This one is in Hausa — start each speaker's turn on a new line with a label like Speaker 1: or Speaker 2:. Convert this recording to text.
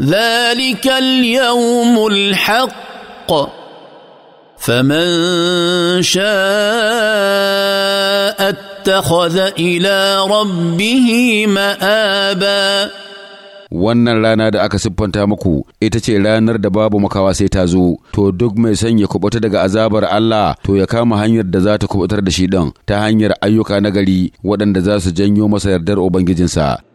Speaker 1: ذلك اليوم الحق فمن شاء اتخذ الى ربه مآبا
Speaker 2: wannan rana da aka siffanta muku ita ce ranar da babu makawa sai ta zo to duk mai son ya kubuta daga azabar Allah to ya kama hanyar da za ta kubutar da shi ɗin ta hanyar ayyuka nagari waɗanda za su janyo masa yardar ubangijinsa